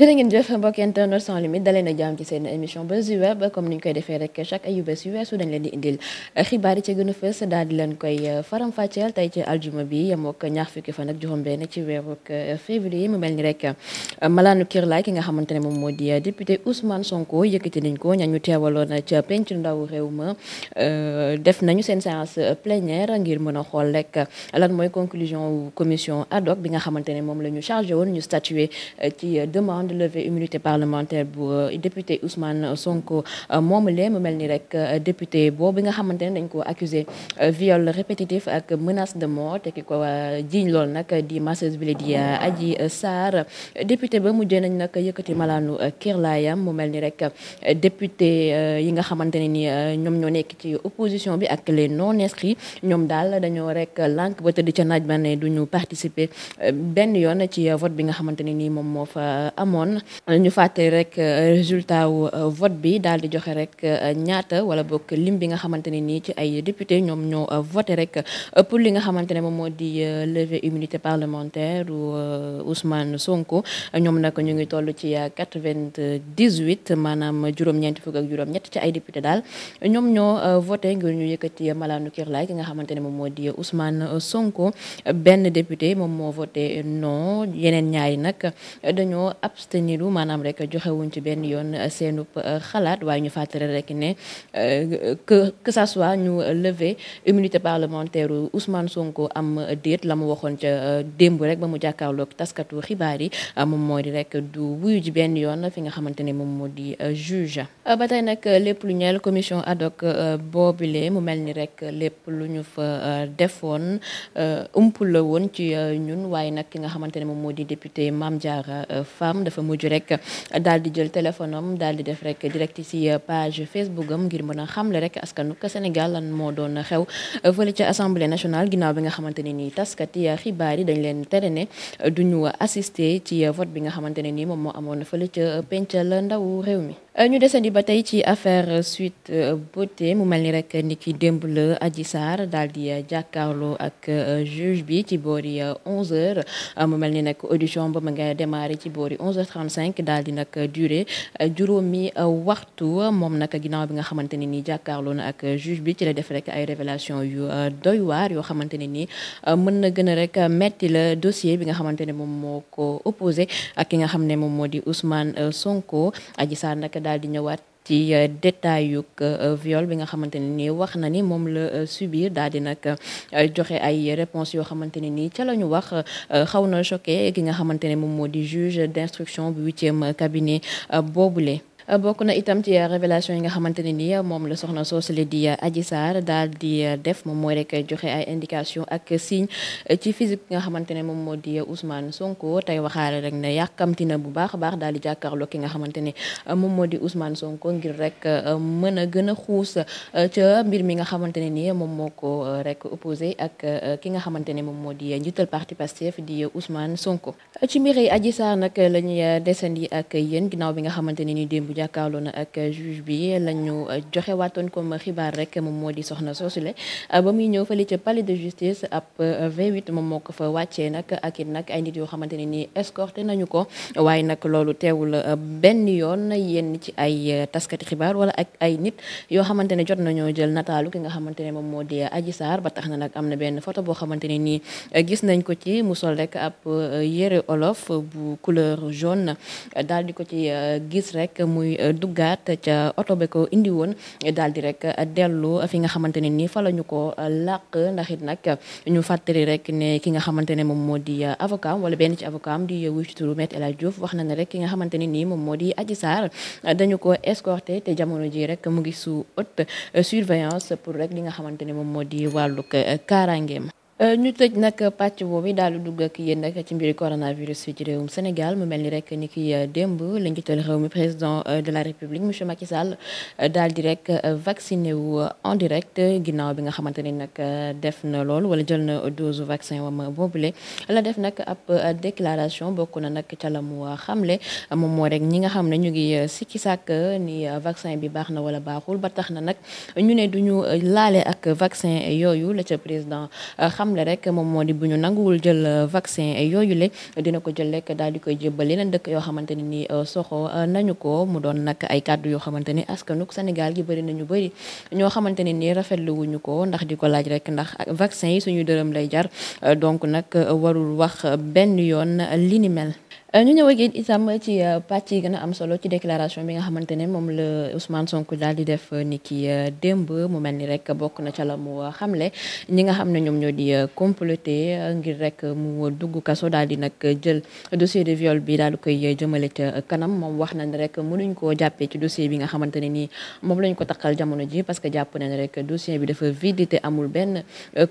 jërë ngeen jëf mbokk internet sans limite daleen a jaam ci seen émission buzz yu web comme ni ñu koy defee rek chaque ayu bés yu weesu dañ leen di indil xibaar yi ci gën fës daal leen koy euh, faram-fàcceel tey ci aljuma bi yemoo ak ñaar fukki fan ak juróom-benn ci weeru euh, février mu mel ni rek euh, malaanu kër kirlaay ki nga xamante ne moom moo di député Ousmane Sonko yëkkati nañ ko ñañu teewaloon ca penc ndaw réew ma def nañu seen séance plénière ngir mën a xool rek lan mooy conclusion commission ad hoc xamante ne moom la ñu chargé woon ñu statuer ci demande de levée immunité parlementaire bu euh, député Ousmane Sonko euh, moomu lee mu mel ni rek euh, député boobu nga xamante ne dañ ko accusé viol répétitif ak menace de mort te ki ko jiiñ lool nag di masseuse bile di Adji Sarr député ba mujjee nañ nag yëkkati malaanu kirlaayam mu mel ni rek député yi nga xamante ne ni ñoom ñoo nekk ci opposition bi ak les non inscrits ñoom daal dañoo rek lànk ba tëdd ca naaj ba ne duñu participer benn yoon ci vote bi nga xamante ni moom moo fa amoon amoon ñu fàttali rek euh, résultat wu euh, vote bi daal di joxe rek euh, ñaata wala bokk lim bi nga xamante ne nii ci ay député ñoom ñoo voté rek pour li nga xamante ne moom moo di lever immunité parlementaire ou Ousmane Sonko ñoom nag ñu ngi toll ci quatre vingt dix maanaam juróom fukk ak juróom ci ay député daal ñoom ñoo voté ngir ñu yëkkati malaanu kirlaay ki nga xamante ne moom moo di Ousmane Sonko benn député moom moo voté non yeneen ñaari nag dañoo abs absteniru maanaam rek joxewuñ ci benn yoon seenub euh, xalaat waaye ñu fàttali rekk ne euh, que que ça soit ñu lever immunité parlementaire Ousmane Sonko am déet la mu waxoon ca euh, démb rek ba mu jàkkaarloog taskatu xibaar yi moom moo di rek du wuyu ji benn yoon fi nga xamante ne moom moo di juge ba tey nag lépp lu ñeel commission ad hoc boobule mu mel ni rek lépp lu ñu fa defoon umpul la woon ci ñun waaye nag ki nga xamante ne moom moo di député Mame Diarra Fam fa mujj rek daal di jël téléphone am daal di def rek direct ci euh, page Facebook am ngir mën a xamle rek askanu ka Sénégal lan moo doon xew euh, fële ca assemblée nationale ginnaaw bi nga xamante ne nii taskati euh, xibaar yi dañ leen tere ne duñu assister ci vote bi nga xamante ne nii moom moo amoon fële ca pencal ndawu réew mi. Euh, ñu desandi ba tey ci affaire Sweet euh, Beauté mu mel ni rek nit ki démb la Adji Sarr daal di euh, jàkkaarloo ak juge bi ci boori 11h mu mel ni nag audition ba ma nga démarré ci boori 11h35 daal di nag duré juróomi waxtu moom nag ginnaaw bi nga xamante ni nii jàkkaarloo na ak juge bi ci la def rek ay révélation yu doy waar yoo xamante ne nii mën na gën a rek metti la dossier bi nga xamante ne moom moo ko opposé ak ki nga xam ne moom moo di Ousmane Sonko Adji daal di ñëwaat ci euh, détail yu euh, viol bi nga xamante ne nii wax na ni moom la euh, subir daal di nag joxe ay réponse yoo xamante ne nii ca la ñu wax xaw na choqué ki nga xamante ne moom moo di juge d'instruction bu huitième cabinet boobule. Euh, bokk na itam ci euh, révélation yi nga xamante ne ni euh, moom la soxna soosale di Adji Sarr di def moom mooy rek joxe ay indication ak signe ci physique nga xamante ne moom moo di Ousmane Sonko tey waxaale rek ne yàkkamti na bu baax a baax di jàkkaarloo ki nga xamante ne moom moo di Ousmane Sonko ngir rek mën a gën a xuus ca mbir mi nga xamante ne ni moom moo ko rek opposé ak ki nga xamante ne moom moo di njiital parti Pastef di Ousmane Sonko ci mbiri Adji Sarr nag la ñuy desandi ak yéen ginnaaw bi nga xamante ne démb jàkkaarloo na ak juge bi la joxe waatoon comme xibaar rek moom moo di soxna soosule ba muy ñëw fële ca palais de justice ab V8 moom moo ko fa wàccee nag ak it ay nit yoo xamante ne nii escorté nañu ko waaye nag loolu teewul benn yoon yenn ci ay taskati xibaar wala ak ay nit yoo xamante ne jot nañoo jël nataalu ki nga xamante ne moom moo di Adji Sarr ba tax na nag am na benn photo boo xamante ne nii gis nañ ko ci mu sol rek ab yére olof bu couleur jaune daal di ko ci gis rek muy euh, duggaat ca oto ba ko indi woon daal di rek euh, dellu fi nga xamante ne nii fa la ñu ko euh, làq ndax it nag ñu fàttali rek ne ki nga xamante ne moom moo di avocat wala benn ci avocat di wuyu ci turu Maître El Hadji Diouf wax na ne rek ki nga xamante ne nii moom moo di aji saar dañu ko escorté te jamono ji rek mu ngi sous haute surveillance pour rek li nga xamante ne moom moo di wàllug kaaraangeem. Euh, ñu tëj nag pàcc boobu daal di dugg ak yéen nag ci mbiri coronavirus fii ci réewum Sénégal mu mel ni rek ni ki euh, démb la njiital réew mi président euh, de la République monsieur Macky Sall daal di rek vacciné wu en direct ginnaaw bi nga xamante ne nag def na lool wala jël na dose vaccin wam boobule la def nag ab déclaration bokk na nag ca la mu xamle moom moo rek ñi nga xam ne ñu ngi sikki sàkk ni vaccin bi baax na wala baaxul ba tax na nag ñu ne duñu laale ak vaccin yooyu la ca président xam xamle rek moom moo di bu ñu nanguwul jël euh, vaccin yooyu le dina ko jël rek daal di koy jébbal yeneen dëkk yoo xamante ne ni euh, soxo euh, nañu ko mu doon nag ay kàddu yoo xamante ni askanuk Sénégal gi bëri nañu bëri ñoo xamante ne ni rafetlu ko ndax di ko laaj rek ndax vaccin yi suñu dërëm lay jar donc nag warul wax benn yoon li mel Euh, ñu ñëw ak itam ci euh, pàcc yi gën am solo ci déclaration bi nga xamante ne moom la Ousmane Sonko daal di def euh, ni ki démb mu mel ni rek bokk na ca la mu xamle ñi nga xam ne ñoom ñoo di comploté ngir rek mu dugg kaso daal di nag jël dossier de viol bi daal di koy jëmale kanam moom wax nañ rek mënuñ koo jàppee ci dossier bi nga xamante ne nii moom lañ ko takkal jamono ji parce que jàpp nañ rek dossier bi dafa vide te amul benn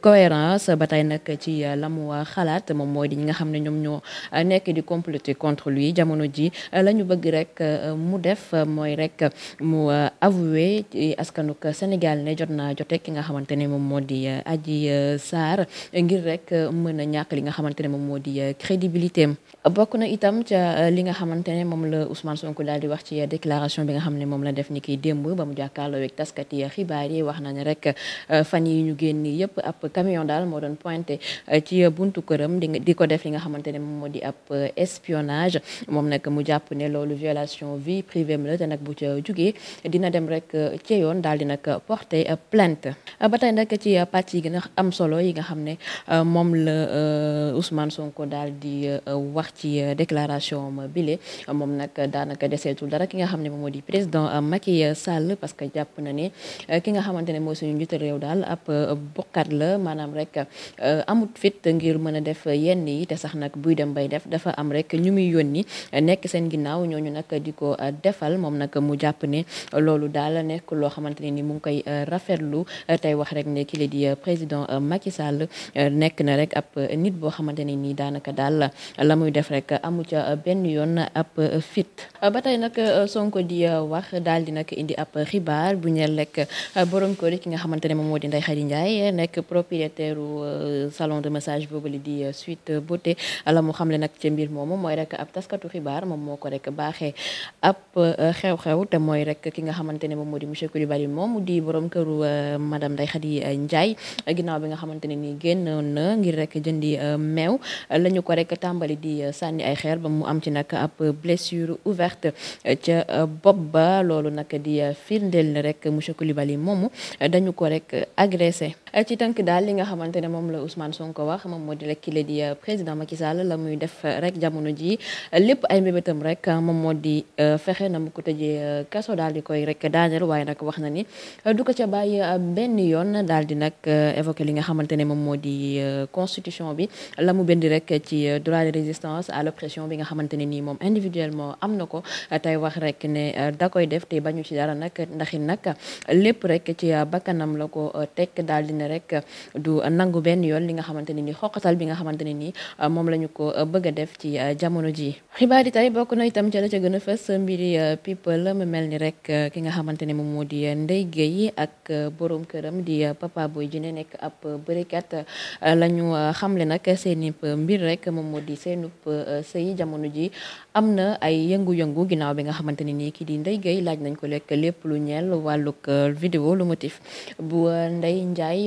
cohérence ba tey nag ci la mu xalaat moom moo di ñi nga xam ne ñoom ñoo nekk di comploté comploter contre lui jamono ji euh, la ñu bëgg rek euh, mu def euh, mooy rek mu avouer askanuk Sénégal ne jot na jote ki nga xamante ne moom moo di Adji Sarr ngir rek mën a ñàkk li nga xamante ne moom moo di crédibilité am bokk na itam ca li nga xamante ne moom la Ousmane Sonko daal di wax ci déclaration bi nga xam ne moom la def ni kiy démb ba mu jàkkaarloo ak taskati xibaar yi wax nañ rek fan yi ñu génn yëpp ab camion daal moo doon pointé ci buntu këram di ko def li nga xamante moom moo di ab espion espionnage moom nag mu jàpp ne loolu violation vie privée la te nag bu ca jugee dina dem rek euh, ci yoon daal di nag euh, porter euh, plainte ba tey nag ci pàcc yi gën a am solo yi nga xam ne moom la Ousmane Sonko daal di wax ci déclaration bile moom nag daanaka deseetul dara ki nga xam ne moom moo di président Macky Sall parce que jàpp na ne ki nga xamante ne mooy suñu njiitu réew daal ab bokkat la maanaam rek amut fit ngir mën a def yenn yi te sax nag buy dem bay def dafa am rek ñu muy yoon ni nekk seen ginnaaw ñooñu nag di ko uh, defal moom nag mu jàpp ne loolu daal nekk loo xamante ne ni mu ngi koy uh, rafetlu uh, tey wax rek ne kii di président Macky Sall nekk na rek ab nit boo xamante ni nii daanaka daal la muy def rek amu ca benn yoon ab fit ba tey nag Sonko di wax daal di nag indi ab xibaar bu ñeel rek borom kër ki nga xamante ne moom moo di Ndeye Khady Ndiaye nekk propriétaire salon de message boobu li di suite beauté la mu xamle waaye rek ab taskatu xibaar moom moo ko rek baaxee ab euh, xew-xew te mooy rek ki nga xamante ne moom moo di monsieur Coulibaly moom di borom këru euh, madame Ndeye Khady euh, Ndiaye ginnaaw bi nga xamante ne nii génnoon na ngir rek jëndi meew lañu ko rek tàmbali di sànni ay xeer ba mu am ci nag ab blessure ouverte ca bopp ba loolu nag di firndeel ne rek monsieur Coulibaly moomu dañu ko rek agressé Euh, ci tënk daal li nga xamante ne moom la Ousmane Sonko wax moom moo di rek kile di euh, président Macky Sall la muy def euh, rek jamono ji lépp ay mbébétam rek moom moo di fexe na mu ko tëjee kaso daal di koy rek daaneel waaye nag wax na ni du ko ca bàyyi benn yoon daal di nag évoqué li nga xamante ne moom moo di constitution bi la mu bind rek ci droit de résistance à l'oppression bi nga xamante ne nii moom individuellement am na ko tey wax rek ne da koy def te bañu ci dara nag ndaxi nag lépp rek ci bakkanam la ko tekk daal di ne rek du nangu benn yoon li nga xamante ne ni xoqatal bi nga xamante ne ni euh, moom la ñu ko euh, bëgg a def ci euh, jamono ji xibaar yi tey bokk na itam ca la ca gën a fës mbiri people mu mel ni rek ki nga xamante ne moom moo di Ndeye Gueye ak boroom këram di Papa Boy Djiné nekk ab bërikat la ñu xamle nag seeni mbir rek moom moo di seenub sëy jamono ji am na ay yëngu-yëngu ginnaaw bi nga xamante ne nii kii di Ndeye Gueye laaj nañ ko lekk lépp lu ñeel wàllug vidéo lu motif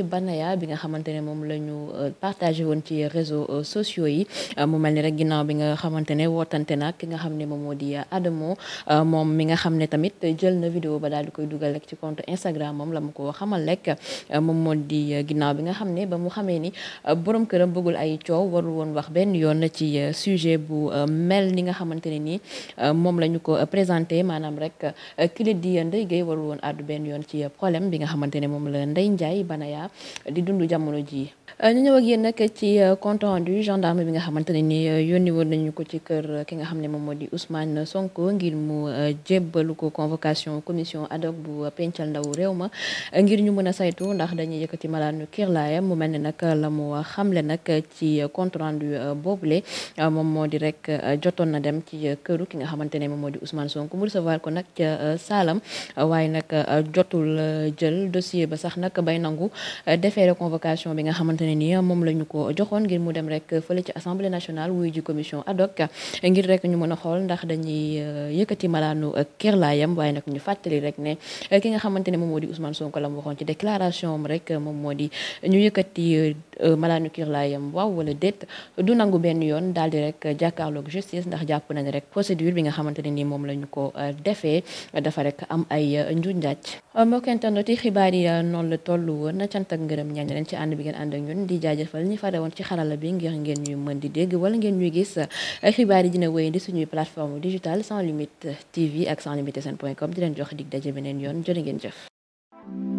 Banaya bi nga xamante ne moom la ñu euh, partagé woon ci réseau euh, sociaux yi euh, mu mel ni rek ginnaaw bi nga xamante ne wootante nag ki nga xam ne moom moo di Adamo moom mi nga xam ne tamit jël na vidéo ba daal di koy dugal rek ci compte Instagram moom la mu ko xamal rek moom moo di ginnaaw bi nga xam ne ba mu xamee ni borom këram bëggul ay coow warul woon wax benn yoon ci sujet bu mel ni nga xamante ne nii moom la ñu ko présenté maanaam rek ki di Ndeye Gueye warul woon àddu benn yoon ci problème bi nga xamante ne moom la Ndeye Ndiaye Banaya di dundu jamono jii. Euh, ñu ñëw ak yéen nag ci euh, compte rendu gendarme bi nga xamante ne ni euh, yónni woon nañu ko ci kër ki nga xam ne moom moo di Ousmane Sonko ngir mu jébbalu ko convocation commission ad bu pencal ndaw réew ma ngir ñu mën a saytu ndax dañuy yëkkati malaanu kirlaayam mu mel ne nag la mu xamle nag ci compte rendu moo di rek jotoon na dem ci këru ki nga xamante ne moom moo di Ousmane Sonko mu recevoir ko nag ca saalam waaye nag jotul jël dossier ba sax nag bay nangu defee convocation bi nga xamante ne ni moom la ñu ko joxoon ngir mu dem rek fële ci assemblée nationale wuy ji commission ad hoc ngir rek ñu mën a xool ndax dañuy euh, yëkkati malaanu kerlaayam waaye nag ñu fàttali rek ne euh, ki nga xamante ne moom moo di Ousmane Sonko la mu waxoon ci déclaration am rek euh, moom moo di ñu yëkkati malaanu kerlaayam waaw wala déet du nangu benn yoon daal di rek jàkkaarlook justice ndax jàpp nañ rek procédure bi nga xamante ne ni moom la ñu ko defee dafa rek am ay njuñ mbokk internet yi xibaar yi noonu la toll woon na cant ak ngërëm ñaan leen ci ànd bi ngeen ànd ak ñun di jaajëfal ñi fare woon ci xarala bi ngir ngeen ñuy mën di dégg wala ngeen ñuy gis xibaar yi dina wéyandi suñuy plateforme digitale sans limite tv ak sans limite sn point com di leen jox dig daje beneen yoon jërë ngeen jëf